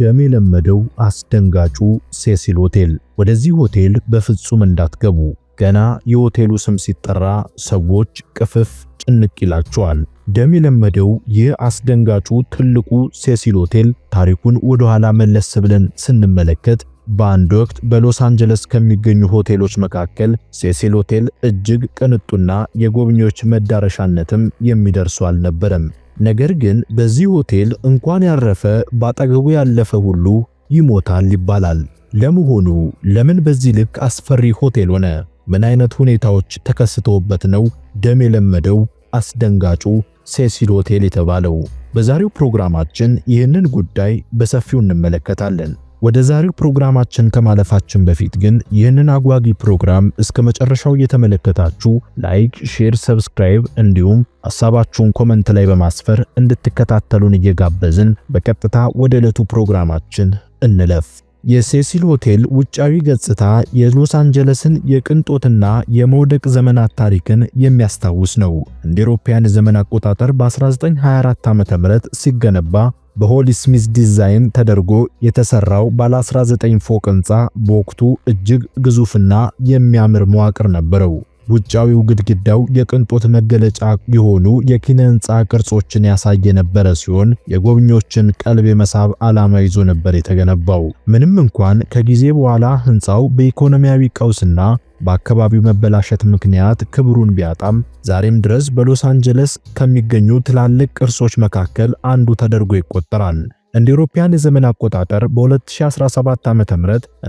ደም የለመደው አስደንጋጩ ሴሲል ሆቴል። ወደዚህ ሆቴል በፍጹም እንዳትገቡ። ገና የሆቴሉ ስም ሲጠራ ሰዎች ቅፍፍ ጭንቅ ይላቸዋል። ደም የለመደው ይህ አስደንጋጩ ትልቁ ሴሲል ሆቴል ታሪኩን ወደኋላ መለስ ብለን ስንመለከት በአንድ ወቅት በሎስ አንጀለስ ከሚገኙ ሆቴሎች መካከል ሴሲል ሆቴል እጅግ ቅንጡና የጎብኚዎች መዳረሻነትም የሚደርሱ አልነበረም። ነገር ግን በዚህ ሆቴል እንኳን ያረፈ ባጠገቡ ያለፈ ሁሉ ይሞታል ይባላል። ለመሆኑ ለምን በዚህ ልክ አስፈሪ ሆቴል ሆነ? ምን አይነት ሁኔታዎች ተከስተውበት ነው ደም የለመደው አስደንጋጩ ሴሲል ሆቴል የተባለው? በዛሬው ፕሮግራማችን ይህንን ጉዳይ በሰፊው እንመለከታለን። ወደ ዛሬው ፕሮግራማችን ከማለፋችን በፊት ግን ይህንን አጓጊ ፕሮግራም እስከ መጨረሻው እየተመለከታችሁ ላይክ፣ ሼር፣ ሰብስክራይብ እንዲሁም ሐሳባችሁን ኮመንት ላይ በማስፈር እንድትከታተሉን እየጋበዝን በቀጥታ ወደ ዕለቱ ፕሮግራማችን እንለፍ። የሴሲል ሆቴል ውጫዊ ገጽታ የሎስ አንጀለስን የቅንጦትና የመውደቅ ዘመናት ታሪክን የሚያስታውስ ነው። እንደ አውሮፓውያን ዘመን አቆጣጠር በ1924 ዓ.ም ሲገነባ በሆሊ ስሚዝ ዲዛይን ተደርጎ የተሰራው ባለ 19 ፎቅ ህንፃ በወቅቱ እጅግ ግዙፍና የሚያምር መዋቅር ነበረው። ውጫዊው ግድግዳው የቅንጦት መገለጫ የሆኑ የኪነ ህንፃ ቅርጾችን ያሳየ ነበረ ሲሆን የጎብኚዎችን ቀልብ የመሳብ ዓላማ ይዞ ነበር የተገነባው። ምንም እንኳን ከጊዜ በኋላ ህንፃው በኢኮኖሚያዊ ቀውስና በአካባቢው መበላሸት ምክንያት ክብሩን ቢያጣም ዛሬም ድረስ በሎስ አንጀለስ ከሚገኙ ትላልቅ ቅርሶች መካከል አንዱ ተደርጎ ይቆጠራል። እንደ አውሮፓውያን የዘመን አቆጣጠር በ2017 ዓ.ም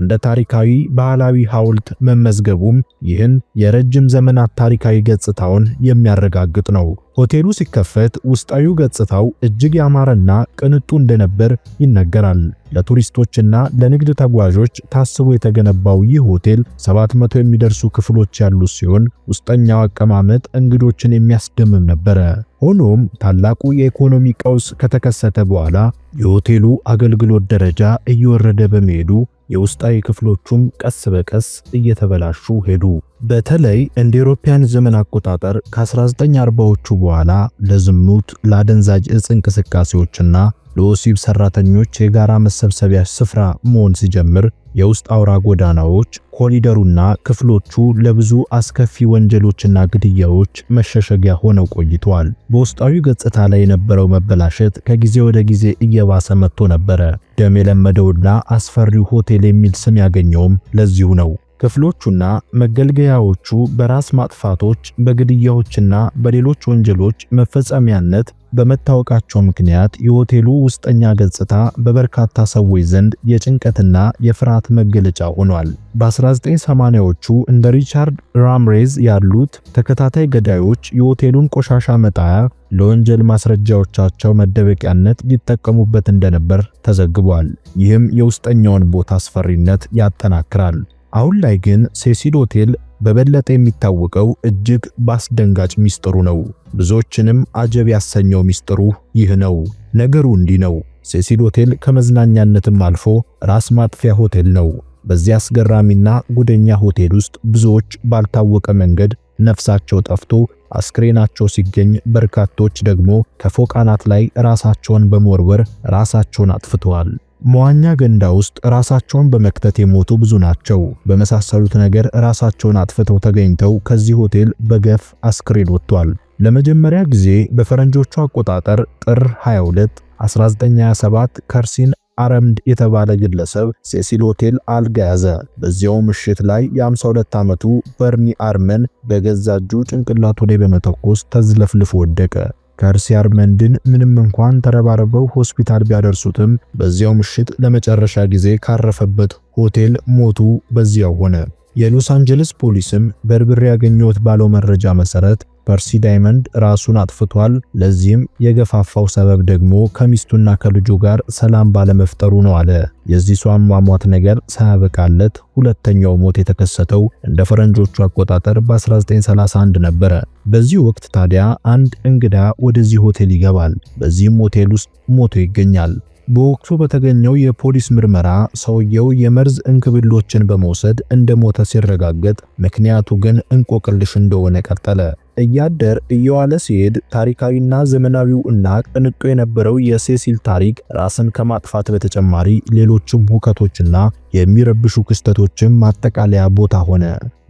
እንደ ታሪካዊ ባህላዊ ሐውልት መመዝገቡም ይህን የረጅም ዘመናት ታሪካዊ ገጽታውን የሚያረጋግጥ ነው። ሆቴሉ ሲከፈት ውስጣዊ ገጽታው እጅግ ያማረና ቅንጡ እንደነበር ይነገራል። ለቱሪስቶችና ለንግድ ተጓዦች ታስቦ የተገነባው ይህ ሆቴል 700 የሚደርሱ ክፍሎች ያሉት ሲሆን ውስጠኛው አቀማመጥ እንግዶችን የሚያስደምም ነበረ። ሆኖም ታላቁ የኢኮኖሚ ቀውስ ከተከሰተ በኋላ የሆቴሉ አገልግሎት ደረጃ እየወረደ በመሄዱ የውስጣዊ ክፍሎቹም ቀስ በቀስ እየተበላሹ ሄዱ። በተለይ እንደ አውሮፓውያን ዘመን አቆጣጠር ከ1940ዎቹ በኋላ ለዝሙት፣ ለአደንዛዥ እጽ እንቅስቃሴዎችና ለወሲብ ሰራተኞች የጋራ መሰብሰቢያ ስፍራ መሆን ሲጀምር የውስጥ አውራ ጎዳናዎች፣ ኮሪደሩና ክፍሎቹ ለብዙ አስከፊ ወንጀሎችና ግድያዎች መሸሸጊያ ሆነው ቆይተዋል። በውስጣዊ ገጽታ ላይ የነበረው መበላሸት ከጊዜ ወደ ጊዜ እየባሰ መጥቶ ነበረ። ደም የለመደውና አስፈሪው ሆቴል የሚል ስም ያገኘውም ለዚሁ ነው። ክፍሎቹና መገልገያዎቹ በራስ ማጥፋቶች፣ በግድያዎችና በሌሎች ወንጀሎች መፈጸሚያነት በመታወቃቸው ምክንያት የሆቴሉ ውስጠኛ ገጽታ በበርካታ ሰዎች ዘንድ የጭንቀትና የፍርሃት መገለጫ ሆኗል። በ1980ዎቹ እንደ ሪቻርድ ራምሬዝ ያሉት ተከታታይ ገዳዮች የሆቴሉን ቆሻሻ መጣያ ለወንጀል ማስረጃዎቻቸው መደበቂያነት ሊጠቀሙበት እንደነበር ተዘግቧል። ይህም የውስጠኛውን ቦታ አስፈሪነት ያጠናክራል። አሁን ላይ ግን ሴሲል ሆቴል በበለጠ የሚታወቀው እጅግ በአስደንጋጭ ሚስጥሩ ነው። ብዙዎችንም አጀብ ያሰኘው ሚስጥሩ ይህ ነው። ነገሩ እንዲህ ነው። ሴሲል ሆቴል ከመዝናኛነትም አልፎ ራስ ማጥፊያ ሆቴል ነው። በዚህ አስገራሚና ጉደኛ ሆቴል ውስጥ ብዙዎች ባልታወቀ መንገድ ነፍሳቸው ጠፍቶ አስክሬናቸው ሲገኝ፣ በርካቶች ደግሞ ከፎቅ አናት ላይ ራሳቸውን በመወርወር ራሳቸውን አጥፍተዋል። መዋኛ ገንዳ ውስጥ ራሳቸውን በመክተት የሞቱ ብዙ ናቸው። በመሳሰሉት ነገር ራሳቸውን አጥፍተው ተገኝተው ከዚህ ሆቴል በገፍ አስክሬን ወጥቷል። ለመጀመሪያ ጊዜ በፈረንጆቹ አቆጣጠር ጥር 22 1927 ከርሲን አረምድ የተባለ ግለሰብ ሴሲል ሆቴል አልጋ ያዘ። በዚያው ምሽት ላይ የ52 ዓመቱ በርኒ አርመን በገዛ እጁ ጭንቅላቱ ላይ በመተኮስ ተዝለፍልፎ ወደቀ። ጋርሲያ አርመንድን ምንም እንኳን ተረባርበው ሆስፒታል ቢያደርሱትም በዚያው ምሽት ለመጨረሻ ጊዜ ካረፈበት ሆቴል ሞቱ በዚያው ሆነ። የሎስ አንጀለስ ፖሊስም በርብሬ ያገኘሁት ባለው መረጃ መሰረት ፐርሲ ዳይመንድ ራሱን አጥፍቷል። ለዚህም የገፋፋው ሰበብ ደግሞ ከሚስቱና ከልጁ ጋር ሰላም ባለመፍጠሩ ነው አለ። የዚህ ሰው አሟሟት ነገር ሳያበቃለት ሁለተኛው ሞት የተከሰተው እንደ ፈረንጆቹ አቆጣጠር በ1931 ነበረ። በዚህ ወቅት ታዲያ አንድ እንግዳ ወደዚህ ሆቴል ይገባል። በዚህም ሆቴል ውስጥ ሞቶ ይገኛል። በወቅቱ በተገኘው የፖሊስ ምርመራ ሰውየው የመርዝ እንክብሎችን በመውሰድ እንደሞተ ሲረጋገጥ ምክንያቱ ግን እንቆቅልሽ እንደሆነ ቀጠለ። እያደር እየዋለ ሲሄድ ታሪካዊና ዘመናዊው እና ቅንጡ የነበረው የሴሲል ታሪክ ራስን ከማጥፋት በተጨማሪ ሌሎችም ሁከቶችና የሚረብሹ ክስተቶችም ማጠቃለያ ቦታ ሆነ።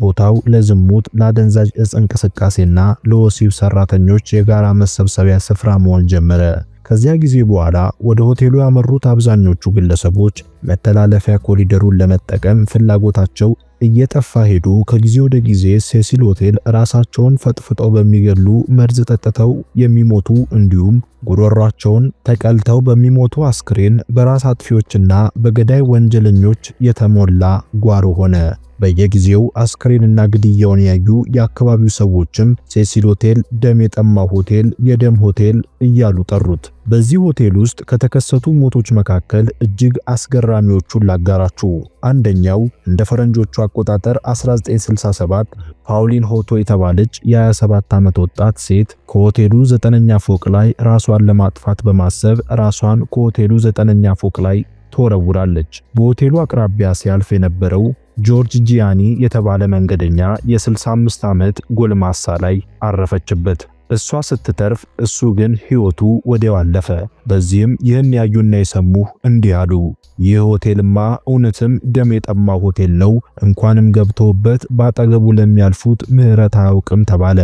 ቦታው ለዝሙት፣ ለአደንዛዥ እጽ እንቅስቃሴና ለወሲብ ሰራተኞች የጋራ መሰብሰቢያ ስፍራ መሆን ጀመረ። ከዚያ ጊዜ በኋላ ወደ ሆቴሉ ያመሩት አብዛኞቹ ግለሰቦች መተላለፊያ ኮሪደሩን ለመጠቀም ፍላጎታቸው እየጠፋ ሄዱ። ከጊዜ ወደ ጊዜ ሴሲል ሆቴል ራሳቸውን ፈጥፍጠው በሚገሉ መርዝ ጠጥተው የሚሞቱ እንዲሁም ጉሮሯቸውን ተቀልተው በሚሞቱ አስክሬን በራስ አጥፊዎችና በገዳይ ወንጀለኞች የተሞላ ጓሮ ሆነ። በየጊዜው አስክሬንና ግድያውን ያዩ የአካባቢው ሰዎችም ሴሲል ሆቴል ደም የጠማ ሆቴል፣ የደም ሆቴል እያሉ ጠሩት። በዚህ ሆቴል ውስጥ ከተከሰቱ ሞቶች መካከል እጅግ አስገራሚዎቹን ላጋራችሁ። አንደኛው እንደ ፈረንጆቹ አቆጣጠር 1967 ፓውሊን ሆቶ የተባለች የ27 ዓመት ወጣት ሴት ከሆቴሉ ዘጠነኛ ፎቅ ላይ ራሷን ለማጥፋት በማሰብ ራሷን ከሆቴሉ ዘጠነኛ ፎቅ ላይ ትወረውራለች። በሆቴሉ አቅራቢያ ሲያልፍ የነበረው ጆርጅ ጂያኒ የተባለ መንገደኛ የ65 ዓመት ጎልማሳ ላይ አረፈችበት። እሷ ስትተርፍ እሱ ግን ሕይወቱ ወዲያው አለፈ። በዚህም ይህን ያዩና የሰሙ እንዲህ አሉ፣ ይህ ሆቴልማ እውነትም ደም የጠማ ሆቴል ነው፣ እንኳንም ገብቶበት በአጠገቡ ለሚያልፉት ምሕረት አያውቅም ተባለ።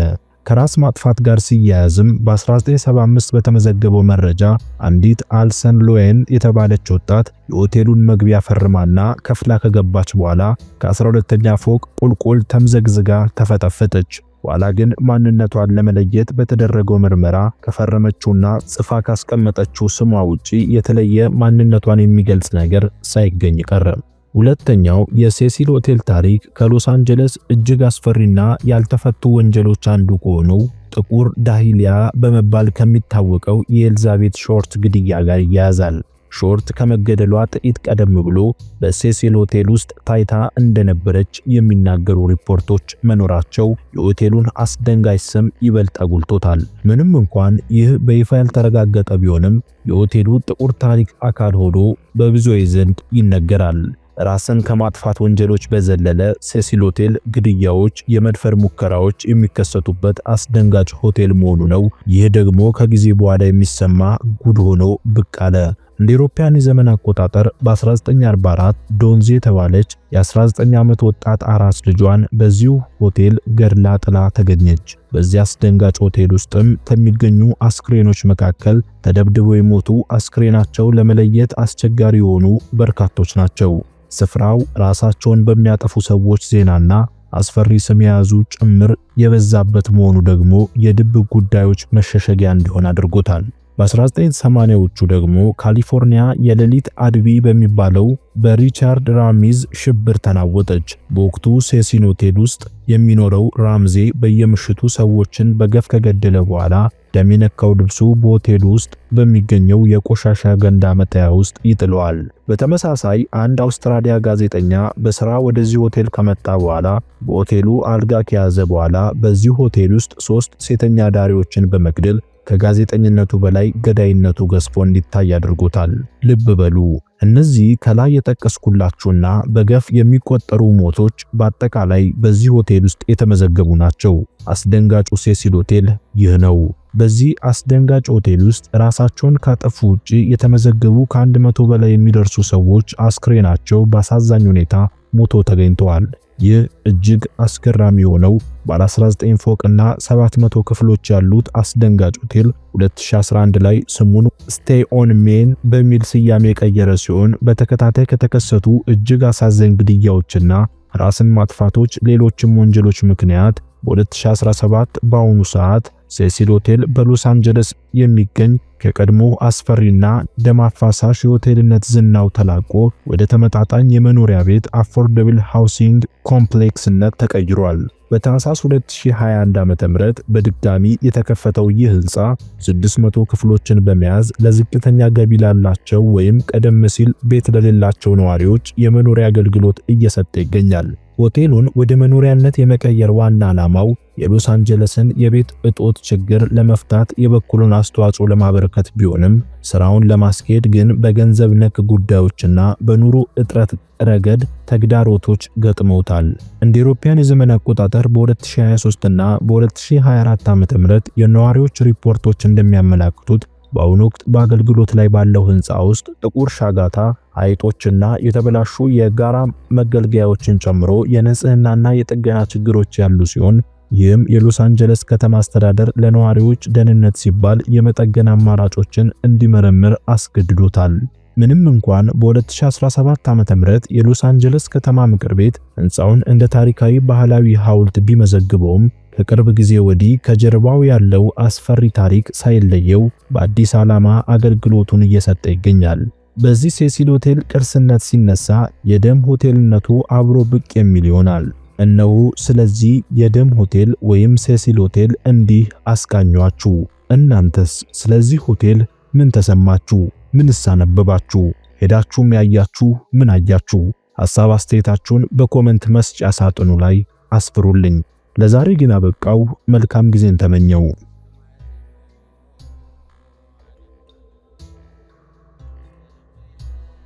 ከራስ ማጥፋት ጋር ሲያያዝም በ1975 በተመዘገበው መረጃ አንዲት አልሰን ሎዌን የተባለች ወጣት የሆቴሉን መግቢያ ፈርማና ከፍላ ከገባች በኋላ ከ12ኛ ፎቅ ቁልቁል ተምዘግዝጋ ተፈጠፈጠች። ኋላ ግን ማንነቷን ለመለየት በተደረገው ምርመራ ከፈረመችውና ጽፋ ካስቀመጠችው ስሟ ውጪ የተለየ ማንነቷን የሚገልጽ ነገር ሳይገኝ ቀረም። ሁለተኛው የሴሲል ሆቴል ታሪክ ከሎስ አንጀለስ እጅግ አስፈሪና ያልተፈቱ ወንጀሎች አንዱ ከሆነው ጥቁር ዳሂሊያ በመባል ከሚታወቀው የኤልዛቤት ሾርት ግድያ ጋር ይያያዛል። ሾርት ከመገደሏ ጥቂት ቀደም ብሎ በሴሲል ሆቴል ውስጥ ታይታ እንደነበረች የሚናገሩ ሪፖርቶች መኖራቸው የሆቴሉን አስደንጋጭ ስም ይበልጥ አጉልቶታል። ምንም እንኳን ይህ በይፋ ያልተረጋገጠ ቢሆንም የሆቴሉ ጥቁር ታሪክ አካል ሆኖ በብዙዎች ዘንድ ይነገራል። ራስን ከማጥፋት ወንጀሎች በዘለለ ሴሲል ሆቴል ግድያዎች፣ የመድፈር ሙከራዎች የሚከሰቱበት አስደንጋጭ ሆቴል መሆኑ ነው። ይህ ደግሞ ከጊዜ በኋላ የሚሰማ ጉድ ሆኖ ብቅ አለ። እንደ አውሮፓውያን የዘመን አቆጣጠር በ1944 ዶንዚ የተባለች የ19 ዓመት ወጣት አራስ ልጇን በዚሁ ሆቴል ገድላ ጥላ ተገኘች። በዚህ አስደንጋጭ ሆቴል ውስጥም ከሚገኙ አስክሬኖች መካከል ተደብድበው የሞቱ አስክሬናቸው ለመለየት አስቸጋሪ የሆኑ በርካቶች ናቸው። ስፍራው ራሳቸውን በሚያጠፉ ሰዎች ዜናና አስፈሪ ስም የያዙ ጭምር የበዛበት መሆኑ ደግሞ የድብቅ ጉዳዮች መሸሸጊያ እንዲሆን አድርጎታል። በ1980ዎቹ ደግሞ ካሊፎርኒያ የሌሊት አድቢ በሚባለው በሪቻርድ ራሚዝ ሽብር ተናወጠች። በወቅቱ ሴሲኖ ውስጥ የሚኖረው ራምዜ በየምሽቱ ሰዎችን በገፍ ከገደለ በኋላ ደም የነካው ልብሱ በሆቴሉ ውስጥ በሚገኘው የቆሻሻ ገንዳ መታያ ውስጥ ይጥለዋል። በተመሳሳይ አንድ አውስትራሊያ ጋዜጠኛ በስራ ወደዚህ ሆቴል ከመጣ በኋላ በሆቴሉ አልጋ ከያዘ በኋላ በዚህ ሆቴል ውስጥ ሶስት ሴተኛ ዳሪዎችን በመግደል ከጋዜጠኝነቱ በላይ ገዳይነቱ ገዝፎ እንዲታይ አድርጎታል። ልብ በሉ እነዚህ ከላይ የጠቀስኩላችሁና በገፍ የሚቆጠሩ ሞቶች በአጠቃላይ በዚህ ሆቴል ውስጥ የተመዘገቡ ናቸው። አስደንጋጩ ሴሲል ሆቴል ይህ ነው። በዚህ አስደንጋጭ ሆቴል ውስጥ ራሳቸውን ካጠፉ ውጪ የተመዘገቡ ከአንድ መቶ በላይ የሚደርሱ ሰዎች አስክሬናቸው በአሳዛኝ ሁኔታ ሞቶ ተገኝተዋል። ይህ እጅግ አስገራሚ የሆነው ባለ 19 ፎቅና 700 ክፍሎች ያሉት አስደንጋጭ ሆቴል 2011 ላይ ስሙን ስቴይ ኦን ሜን በሚል ስያሜ የቀየረ ሲሆን በተከታታይ ከተከሰቱ እጅግ አሳዛኝ ግድያዎችና ራስን ማጥፋቶች ሌሎችም ወንጀሎች ምክንያት በ2017 በአሁኑ ሰዓት ሴሲል ሆቴል በሎስ አንጀለስ የሚገኝ ከቀድሞ አስፈሪና ደም አፋሳሽ የሆቴልነት ዝናው ተላቆ ወደ ተመጣጣኝ የመኖሪያ ቤት አፎርደብል ሃውሲንግ ኮምፕሌክስነት ተቀይሯል። በታህሳስ 2021 ዓ.ም በድጋሚ የተከፈተው ይህ ህንፃ 600 ክፍሎችን በመያዝ ለዝቅተኛ ገቢ ላላቸው ወይም ቀደም ሲል ቤት ለሌላቸው ነዋሪዎች የመኖሪያ አገልግሎት እየሰጠ ይገኛል። ሆቴሉን ወደ መኖሪያነት የመቀየር ዋና ዓላማው የሎስ አንጀለስን የቤት እጦት ችግር ለመፍታት የበኩሉን አስተዋጽኦ ለማበረከት ቢሆንም ስራውን ለማስኬድ ግን በገንዘብ ነክ ጉዳዮችና በኑሮ እጥረት ረገድ ተግዳሮቶች ገጥመውታል። እንደ ኢሮፓያን የዘመን አቆጣጠር በ2023 እና በ2024 ዓ.ም የነዋሪዎች ሪፖርቶች እንደሚያመላክቱት በአሁኑ ወቅት በአገልግሎት ላይ ባለው ህንፃ ውስጥ ጥቁር ሻጋታ አይጦችና የተበላሹ የጋራ መገልገያዎችን ጨምሮ የንጽህናና የጥገና ችግሮች ያሉ ሲሆን ይህም የሎስ አንጀለስ ከተማ አስተዳደር ለነዋሪዎች ደህንነት ሲባል የመጠገን አማራጮችን እንዲመረምር አስገድዶታል። ምንም እንኳን በ2017 ዓ.ም የሎስ አንጀለስ ከተማ ምክር ቤት ሕንፃውን እንደ ታሪካዊ ባህላዊ ሐውልት ቢመዘግበውም ከቅርብ ጊዜ ወዲህ ከጀርባው ያለው አስፈሪ ታሪክ ሳይለየው በአዲስ ዓላማ አገልግሎቱን እየሰጠ ይገኛል። በዚህ ሴሲል ሆቴል ቅርስነት ሲነሳ የደም ሆቴልነቱ አብሮ ብቅ የሚል ይሆናል። እነሆ ስለዚህ የደም ሆቴል ወይም ሴሲል ሆቴል እንዲህ አስቃኟችሁ። እናንተስ ስለዚህ ሆቴል ምን ተሰማችሁ? ምንስ አነበባችሁ? ሄዳችሁም ያያችሁ ምን አያችሁ? ሐሳብ አስተያየታችሁን በኮመንት መስጫ ሳጥኑ ላይ አስፍሩልኝ። ለዛሬ ግን አበቃው። መልካም ጊዜን ተመኘው።